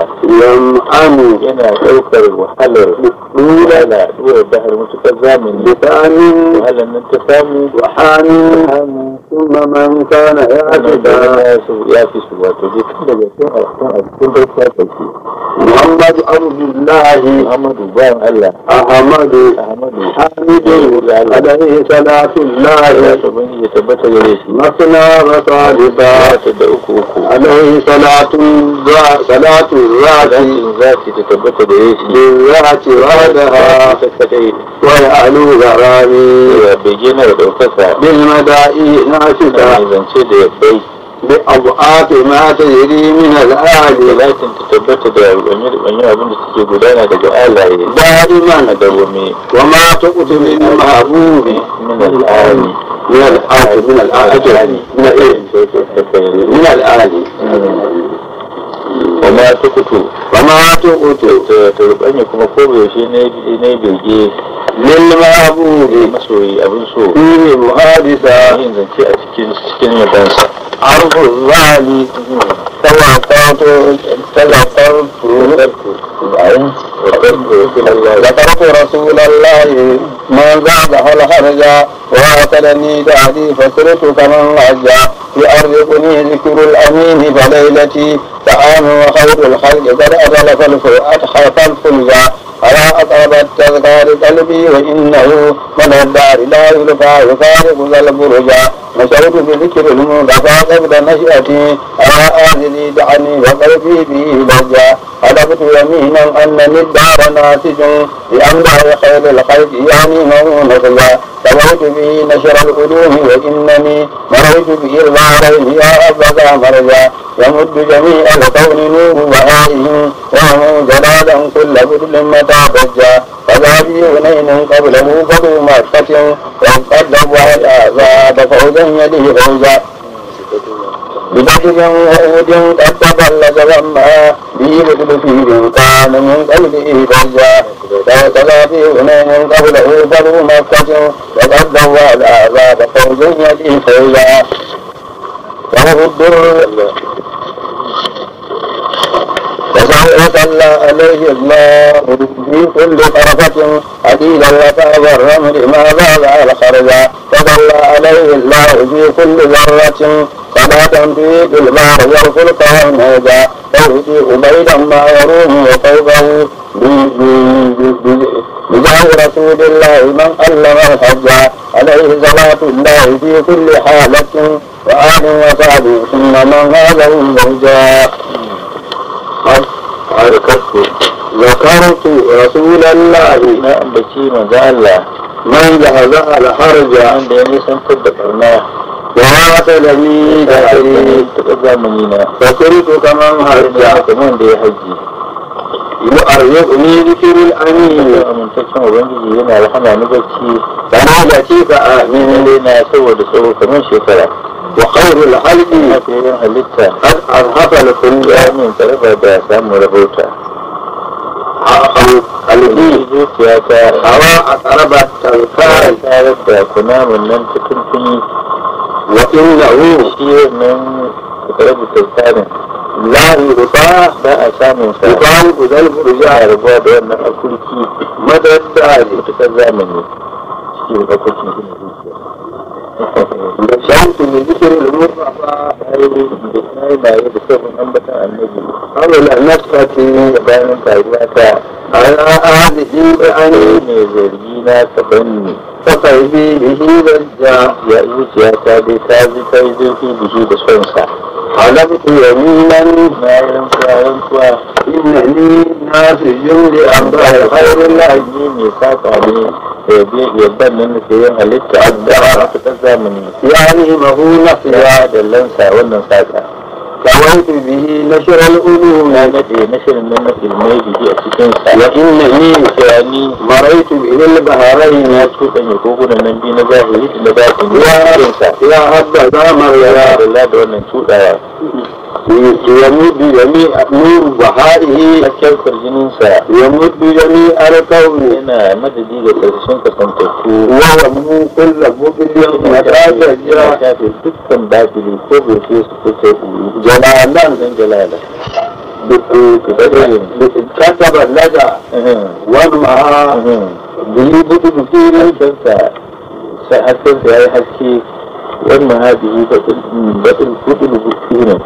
yam'anu yana ɗaukar wahalar dura da duwar bahar mutukar zamani da tsanin wahalar nan ta samu wahalar ثم من كان يعكس يعكس واتو دي كده يكون أحسن أحسن بالكافي محمد عبد الله محمد بن الله أحمد أحمد حمد عليه صلاة الله يثبت يليس مثنى وصالبا عليه صلاة صلاة الراد ذات تثبت يليس بالرات وعدها ويعلو غرامي بجنة وكفى بالمدائن ما شئت بأضعاف ما تجري من الأعلى لكن تثبت الأمير أن يكون تجي بدانا تجعل دائما دومي وما تؤت من المحبوب من الآل من الآل من الآل من الآل من الآل وما تقتل وما تقتل تربanye kuma ko yaushe ne ne bege lil mahbubi masoyi abin so ne muhadisa yin zance a cikin cikin yabansa arfu zali tana kwato tana kwato bayan ذكرت رسول الله من زاد حول حرجا وعتدني دعدي فسرت كمن عجا يؤرقني ذكر الأمين فليلتي فآن وخير الخلق قد أبل فالفؤاد خاف الفلجا ألا أقرب التذكار قلبي وإنه من الدار لا يلفى يفارق ذا البرجا نشرت بذكر المنقفى قبل نشأتي ألا آذني دعني وقلبي به ضجا حلفت يمينا أنني الدار ناسج لأمدار خير الخلق يعني مؤونة سمعت به نشر العلوم وإنني به بإرضارين يا أبدا مرجا يمد جميع الكون نور وآله وهم جلالا كل بدل متى ضجا فذا بي غنين قبله قدوم مرقة وقد دبع الآزاد فوزا يده فوزا ببدر وأود قد تبلغ لما به مثل فيل كان من قلبه فرجا فكذا في هنين قبله بنو مكة وقد ضوى الآباء فوز يدي فوزا وهو الدر وسوف عليه الله في كل طرفة عديدا الله الرمل ما زال على خرجا فصلى عليه الله في كل ذرة فما تنفيد الماء يرسل قوم هذا توهدي عبيدا ما يروه وقومه بجاه رسول الله من علم الحج عليه صلاة الله في كل حالة وآل وصحبه ثم من هذا زوجا ذكرت رسول الله نعم بشير من من جهز على حرج عند يمين سنفد وقتلني بحريك فكرت كمن هرجعت من دي حجي يؤرقني ذكر الأمين amintaccen ubangiji yana rahama ni bacci kana da ce ka amin ne na saboda tsoro kamar shekara wa khairul halqi akhirin halitta qad arhafa li kulli amin tarba da samu rahota alhi zuciya ta hawa a tsaraba tankar ta yadda kunamin nan cikin kuni وإنه كثير من كتاب التلقان لا يطاع ما أسامي يطاع وذلك رجاء ربا بأن أكل شيء مدى الساعة يتكذى مني شيء أكل شيء شمس من ذكر المرأة أي ما يذكر أنبة النبي أو نفسك بين فائدتك على هذه الأنمي زوجي na ka banni saka bi bihirar da ya zuciya ta bi ta bi ta yi zurfi bihi da sonsa halabtu yaminan bayan bayan kuwa inna ni na su yuri an ba a harin lahaji ne saka ne yadda nan da yin halitta a da a matuƙar zamani ya ne mahu na fiya da lansa wannan saka كويت به نشر الألوم نشر النمة الميت في أسكين وإنني كاني مريت به البهارين أسكت أن يكون النبي نباهي نباهي يا رب يا مريم الله دون سوء يمد جميع نور بهائه حكم فرجنين سا يمد جميع القوم هنا مدد دي كرشن كسنتكو وهو من كل مبلغ مدرسة جاء دكتن باطل كوبي فيس كوبي جلالا من جلالا كتب لدى وضعها بيبت بكير سأكتب يا حكي وأن هذه بدل بدل بالسينة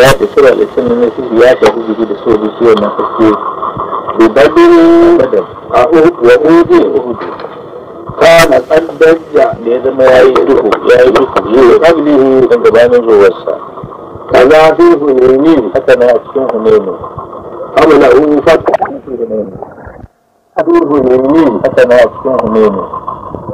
بعد سرعة لسنة نسيه يا شهود جد سوى بسوى ما تسيه ببدل بدل أهود وأهود أهود كان قد بجع لازم يا يدخو يا قبله كان زبان زوسا كذا فيه حتى ما يكون هنينه أو له فتح أدوه يمين حتى ما يكون هنينه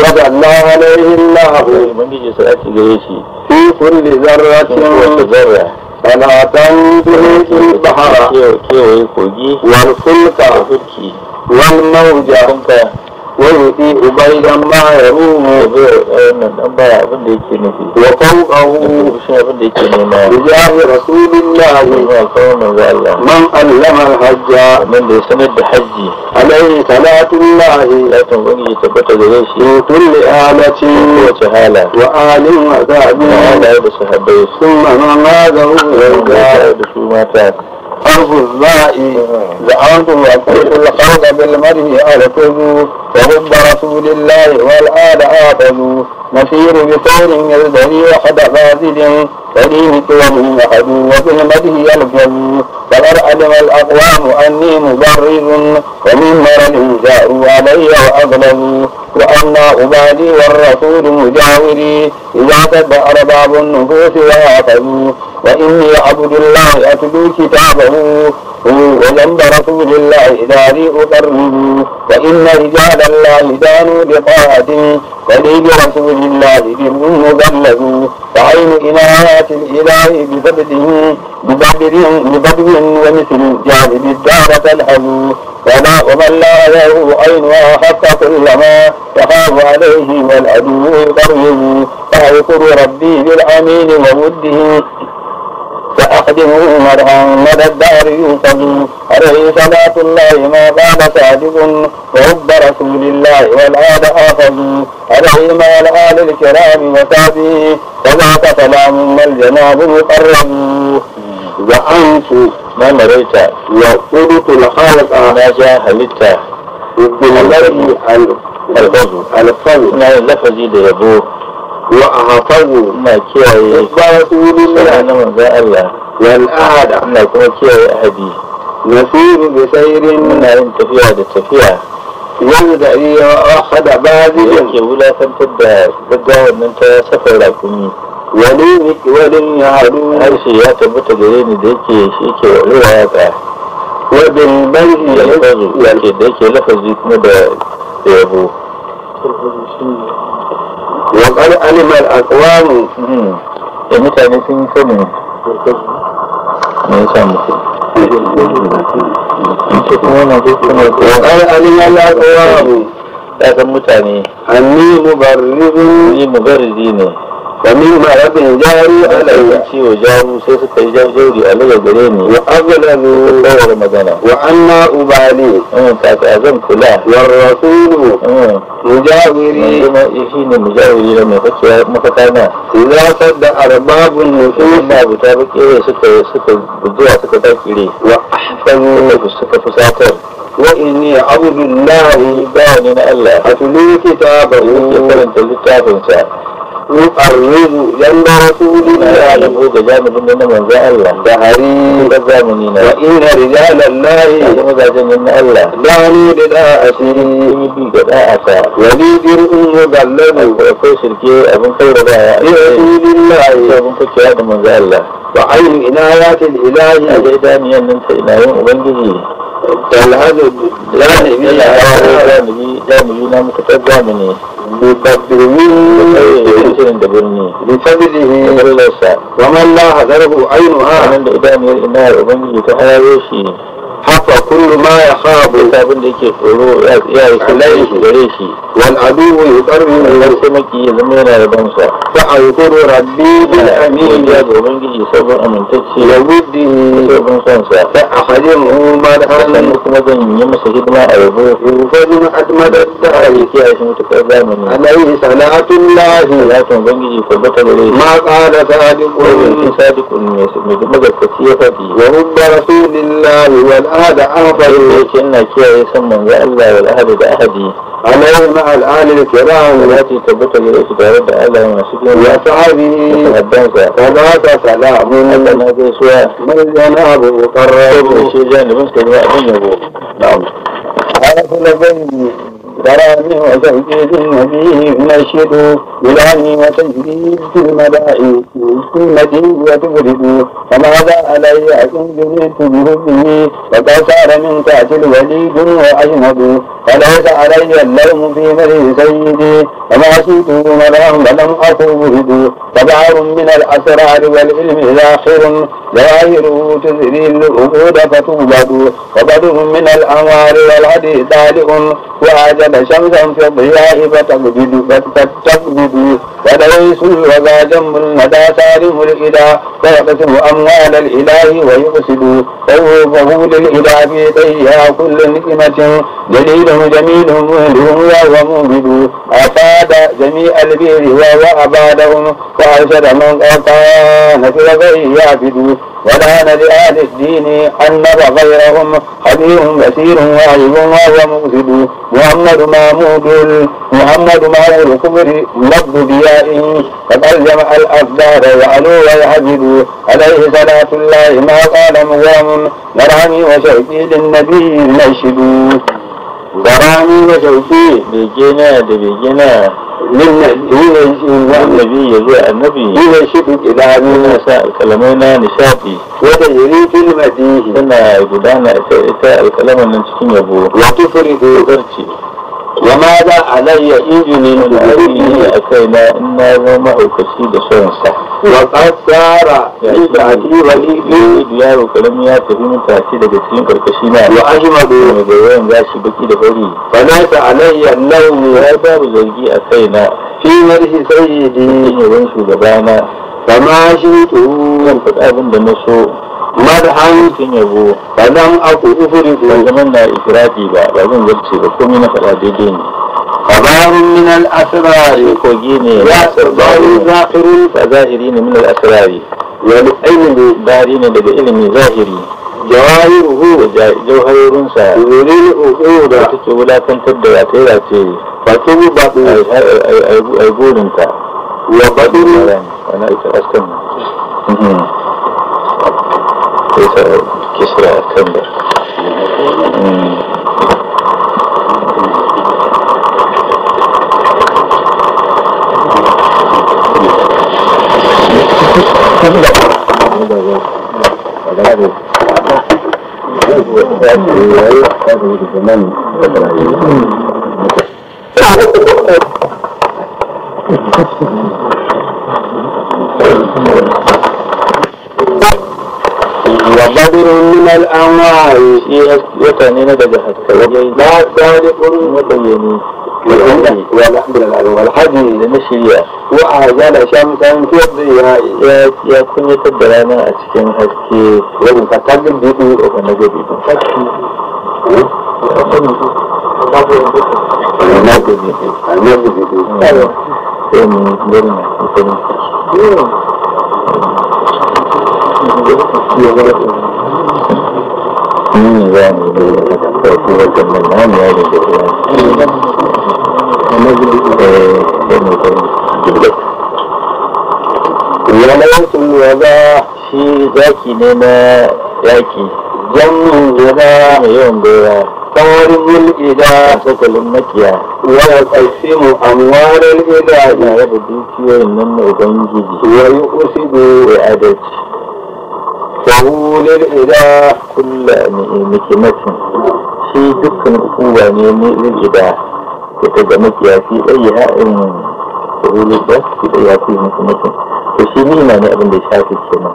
وضع الله عليه الله ubangiji su ake gare shi fi kulli zarratin wata wal fulka wani fi ubai dan ma ya rumu bai wannan dan baya abin da yake nufi wa kawu fawqahu shi abin da yake nema ya rasulullah ya kawo manzo Allah man allama al-hajja man da sanar da haji alaihi salatullah ya tambani ya tabbata gare shi kulli alati wace hala wa alin wa zabi da sahabbai sun ma ma da su mata أرض الماء زعمتم وقلت الخلق بالمره أركضوا فرب رسول الله والآل آخذوا نسير بثور يزدري وحد فاسد كريم ثوب أحد وظلمته يلفظوا فقد علم الأقوام أني مبرد ومن مرض جاءوا علي واظلموا وانا عبادي والرسول مجاوري إذا تبأر باب النفوس وعقدوا وإني عبد الله أتلو كتابه وجنب رسول الله لي أقرب وإن رجال الله دانوا بطاعة ولي برسول الله بر مبلغ فعين إنايات الإله ببدر ببدر ومثل جانب الدارة الحلو وما ومن لا له عين حق كل ما يخاف عليه والعدو القريب فاذكر ربي بالأمين ومده فأخدمه مرعا مدى الدهر يوصل عليه صلاة الله ما قال صادق ورب رسول الله والعاد آخذ عليه ما الآل الكرام وتابعه وذاك سلام الجناب المقرب وأنت آه، ما مريتا مريت وقلت لخالق ناجى هلتا مريتا الفضل الفضل نعم لفظي ليبوه وأحفظه ما كيعي رسول الله من ذا الله والأعدى ما كما كيعي أهدي نسير بسير من أنت فيها تفيع يوجد لي أحد بعد يقول لا تنتبه بدأ من أنت سفر Wani walin ya haru harshe ya tabbata gare ni da yake shi ke ruwa ya tsaya wadin bari ya lafazu yake da yake lafazi kuma da yabo wa qad alima al hmm. da mutane sun sani ne ya sa mutum ce kuma na zai kuma wa qad alima al-aqwam ne ومن مرض جاري علي شيء جاري شيء سكي جاري علي جريني وأغلب دور مدنة وأنا أبالي تاك أزم كلا والرسول أمم. مجاوري يشيني مجاوري لم يفتح مكتانا إذا صد أرباب النصوص ما بتابك إيه سكي سكي بدوا سكي تاكيري وأحفظ سكي فساكر وإني عبد الله إبان الله أتلو كتابه كتابه كتابه tsokar yanzu yan da wasu na ya halabo ga zamanin da na manzo Allah da hari da zamani na wa ina da ya lallahi da kuma zajen yin da wani da da a yi da da a sa wani jirgin yin yi kai shirke abin kai da baya a yi da yi da yi da yi da abin kai da manzo Allah wa ayin ina ya ce da ilahi a jaidaniyar nan ta ina yin ubangiji والهدد لازم zamani na muka ta zamani eh, da birni ya wallarsa wa man la da idaniyar ina ubangiji ta ayaye shi haka kullu ma ya khafu duk abin da yake tsoro ya yi kullai shi gare shi wal aduwu yuqarru min wasu maki ya zama yana da bansa fa azkuru rabbi bil amin ya ga ubangiji sabon amintacce ya buddi sabon sansa fa akhadin ma da halan kuma zan yi masa hidima a yabo fadin admadar da aliki a shi mutukar zamani alaihi salatullahi ya tun ubangiji ko bata gare shi ma qala sadiqun sadiqun ne su mai magaskaci ya fadi wa hubba rasulillahi wal الآن عرف إن كي يسمى الله والأهل بأهدي عليه مع الآل الكرام التي ثبت إليك ترد أهلا ومسكين يا صحابي وما تسأل من أن تسوى من جناب وقرر شيء جانب مسكين وأبنه نعم على كل كرام وتوجيه النبي نشر بلاني وتجديد في الملائكة المدي وتبرد فماذا علي أكن بنيت بهبه وقد صار من تحت الوليد وأجمد فليس علي اللوم في مري سيدي وما شئت مرام ولم أكن تبعر من الأسرار والعلم ذاخر ظاهره تزري العقود فتوبد وبدر من الأنوار والهدي صالح وأجل كان شمسا في الضياء فتقبض فتقبض وليس وذا جنب ندى سالم الإله فيقسم أموال الإله ويقصد فوقه للإله في طيها كل نعمة جليل جميل مهله وهو مبد أفاد جميع البير وهو أبادهم وأرشد من كان في الغي يعبد ولان لأهل الدين أن غيرهم خبير بشير واعظ وهو مفسد محمد مامود محمد مامود كبر نبض بيائه قد ألزم الاقدار وعلو ويعبد عليه صلاة الله ما قال مغرم نرعني وشيخي للنبي نشد barani na dauke bege na da bege na nuna annabi ya zo annabi nuna shi ila nuna sa alkalamai na nishadi wanda yuri fil madihi tana gudana ita alkalaman nan cikin yabo Ya fari da zarci wa ma za alayya injinin da ne a kaina na in na zama aukaci da sonsa wa kasara ni da adiba ni ne yaro kalami ya tafi mutaci daga cikin karkashi na wa ahima da ne da baki da fari fa alayya lawu ya babu zargi a kai na fi shugabana shi abin da na so madhan sun yabo ba nan aku ufuri ko zaman da ikrafi ba ba zan zace ba komai na fada daidai ne kabarun min al asrar ko gine ya sirbaru zahirin fa zahirin min al asrar wa li ainin darin daga ilmi zahiri jawahiruhu jawharirun sa zurin uku da take wulakantar da ya tsaya ce ba ko ba ai gurin ta wa badirin wa na ita askan mhm. kisah kisah gambar hmm. Thank you. وبدر من الأموال يقنين بجهد لا سالق مبين والحمد نشيا وأعزل شمسا في الضياء يا أتكين هكي ولن تتقل بيدي وكان جديد Thank you. ni ne za mu yi da ta ɗauki wajen nan na mu da wani ya ga shi zaki ne na yaki jamin gida mai yawan bera tsawarin mulkida sakalin makiya wani ƙarfi mu amwarar ida ya da dukiyoyin nan na ubangiji wani usidu ya adalci فهو للإله كل نكمة شيء دكن قوة للإله يتجمد ياتي أيها إن فهو للإله كل ياتي نكمة فشي نيمة نأبن بشاكي كنا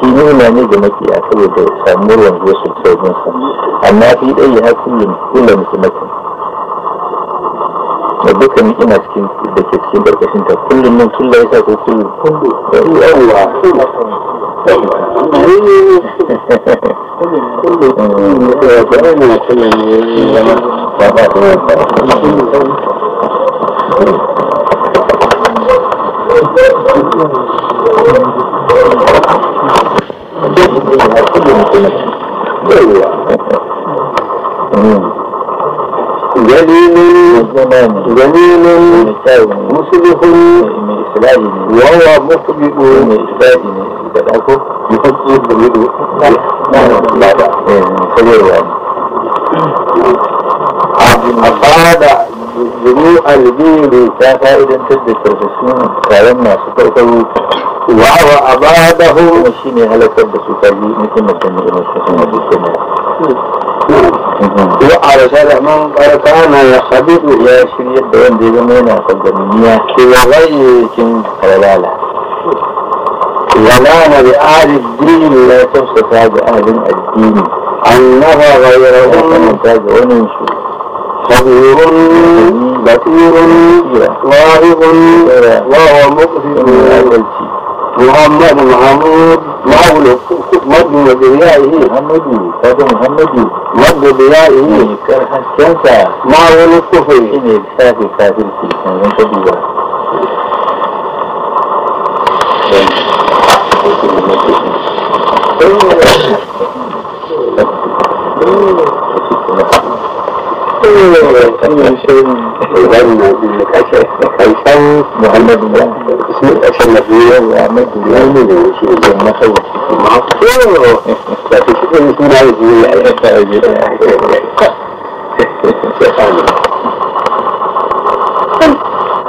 shi nuna ne ga makiya saboda samuwar wanzuwar su sa amma fi ɗaya ya kullum kullum mutum da dukkan ina cikin da ke cikin barkashin ta kullum nan kullum ya sa ko kullum kullum جميل جميل مصلح kulali ne yawa mutu bi ko ne shadi ne da dako bi ko ce da ne na na da da kulewa abin asada zuru alibiru ta fa'idan tattalin karfashin taron masu farkawo wawa a ba da hu shi ne halakar da su ta yi mutum da kan yi masu sun abu kuma يا وعرشان من قال يا يخبط يا يا يا يا يا يا شريط بين دي زمينا يا كي وغي كن قلالا ولانا يا الدين لا تفسد أهل الدين يا غيرهم متابعون شو خبير بصير يا وهو مقسم محمد محمود معولك مد بديائه محمدي هذا محمدي مد بديائه كنسى معول الكفر إني الكافر كافر فيه من قبيلة Thank you. kaisan muhammad ismi kaisan nabiya muhammad ya ne ne shi ne na kai ma ko da shi ne suna yi ya ta yi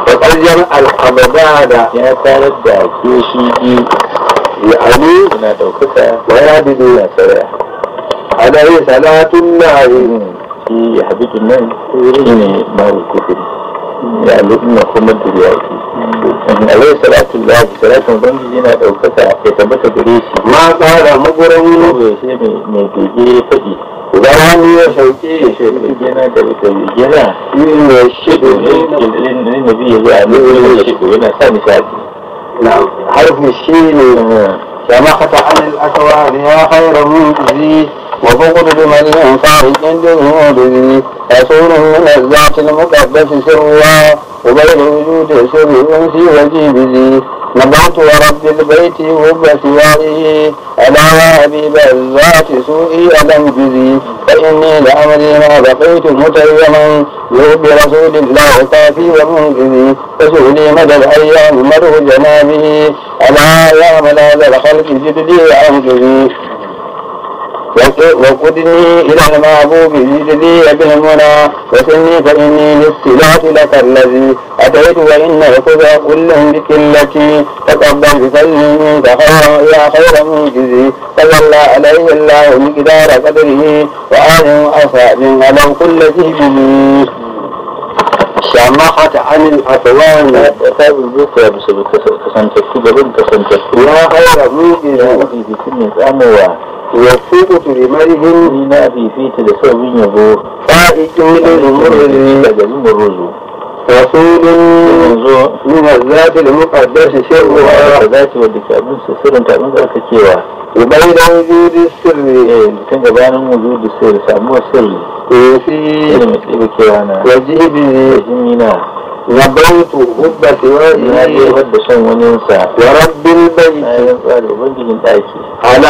Bakar jama'al Hamada da ya tarar da ke shi biyu يعني ولا بدون سرع عليه صلاة الله في حديث النهي يريني ما هو الكفر يعني لأن أخوما الدرياتي من عليه صلاة الله صلاة بنجينا أو فتا يتبت بريسي ما قال مقرون هو يسيمي من تجيري فجي وقال يا شوكي شوكينا كبتا يجينا إن الشيخ للنبي اللي عليه إن الشيخ هنا ثاني ساتي نعم حرف الشيخ سمحت عن الأكوان يا خير من زيت وبغض بمن خارج لوجوده رسول من الذات المقدس الله وبين وجود سر في وجيبه نبعت ورب البيت وب سواره ألا وأبيب الذات سوئي أنجزي فإني لأمري ما بقيت متيما برب رسول الله كافي ومنجزي فسؤلي مدى الأيام مره جنابه ألا يا ملاذ الخلق جدي أنجزي وقدني إلى المعبوب لجلي به المنى وسني فإني للصلاة لك الذي أتيت وإن ركض كلهم التي تقبل بسلمي فخيرا يا خير منجزي صلى عليه الله مقدار قدره وآل أصحاب على كل ذي سماحة عن الأطوان وقتاب البكرة بسبب تسنتكو بلد تسنتكو يا خير منجزي في كل أموال يسوق لمرض لنا في فيت لسبب يبور فائق من الأمور الرجل رسول من الذات المقدس شر ذات ودك أبن سر أنت أبن ذاك كيوا وبين وجود السر تنقبان وجود السر سامو السر وفي وجه به وجه وبيت هبة سواه هبة دي ود ورب البيت على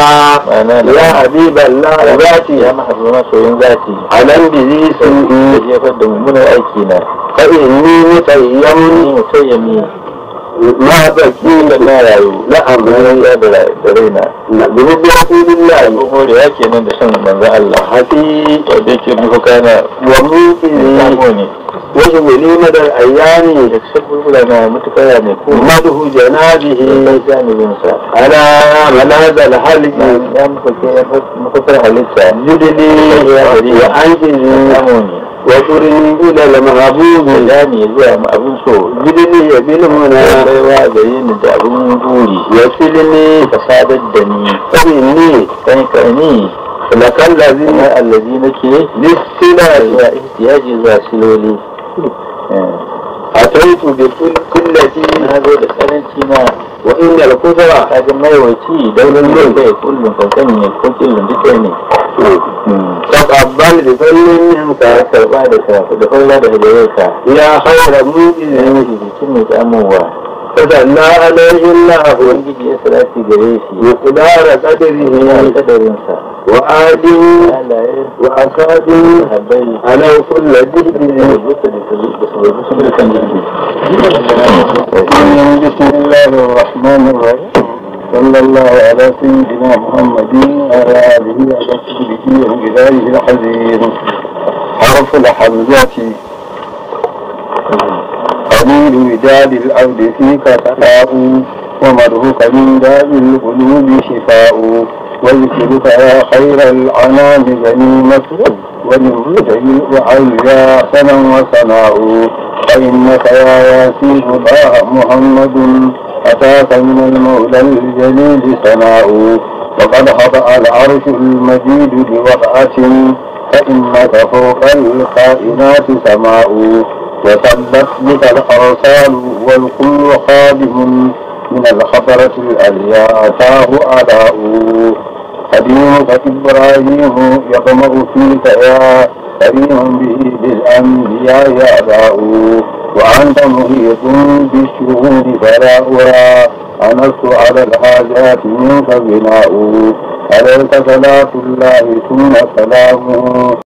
يا حبيب الله ذاتي يا محرمة سوين ذاتي على بذي سوء من أيكينا فإني متيمني متيمني ما بكي لا رايو لا أمرني أبلا درينا بذي رسول الله أقول يا كينا دسن من ذا الله حتي وديك بفكانا وموتي wajen wani madar ayyani da sabbin ulama mutukaya ne ko maduhu janabihi janibinsa ala malaza alhaliki ya mafakar halitta yudini ya an jiri wa turin ila la mahabub yani zuwa abun so gidini ya bilmuna baiwa gari ni da abun buri ya filini fasadar da ni kare ni kan karni lakan lazina allazi nake lissila ya ihtiyaji zuwa siloli Eh, a taitu bi kullati na zo da karanci na wa inda al-kudra ta ga maiwaci daurin yin bai kullum ka sani ne ko kullum duka ne da sallin yin ka karba da sa da kullum da hajjarsa ya haura mu izinin shi cikin mai tsamowa فدلنا عليه الله مقدار قدره وآله وأصحابه على كل جهد بسم الله الرحمن الرحيم صلى الله على سيدنا محمد وعلى آله وصحبه وبلاله الحزين حرف الحمزة قليل جاد الأرض فيك سخاء ومرهق من داء القلوب شفاء وذكرك يا خير الأنام غنيمة وللمتقين وعليا سنا وسناء فإنك يا ياسين الله محمد أتاك من المولى الجليل سناء وقد خطأ العرش المجيد بوقعة فإنك فوق الخائنات سماء وتبت بك الخرسان والكل خادم من الخطرة الأليا أتاه أداؤه قديمك إبراهيم يقمر فيك يا كريم به بالأنبياء أداؤه وأنت محيط بالشؤون فلا أرى أنست على الحاجات منك بناء عليك صلاة الله ثم سلامه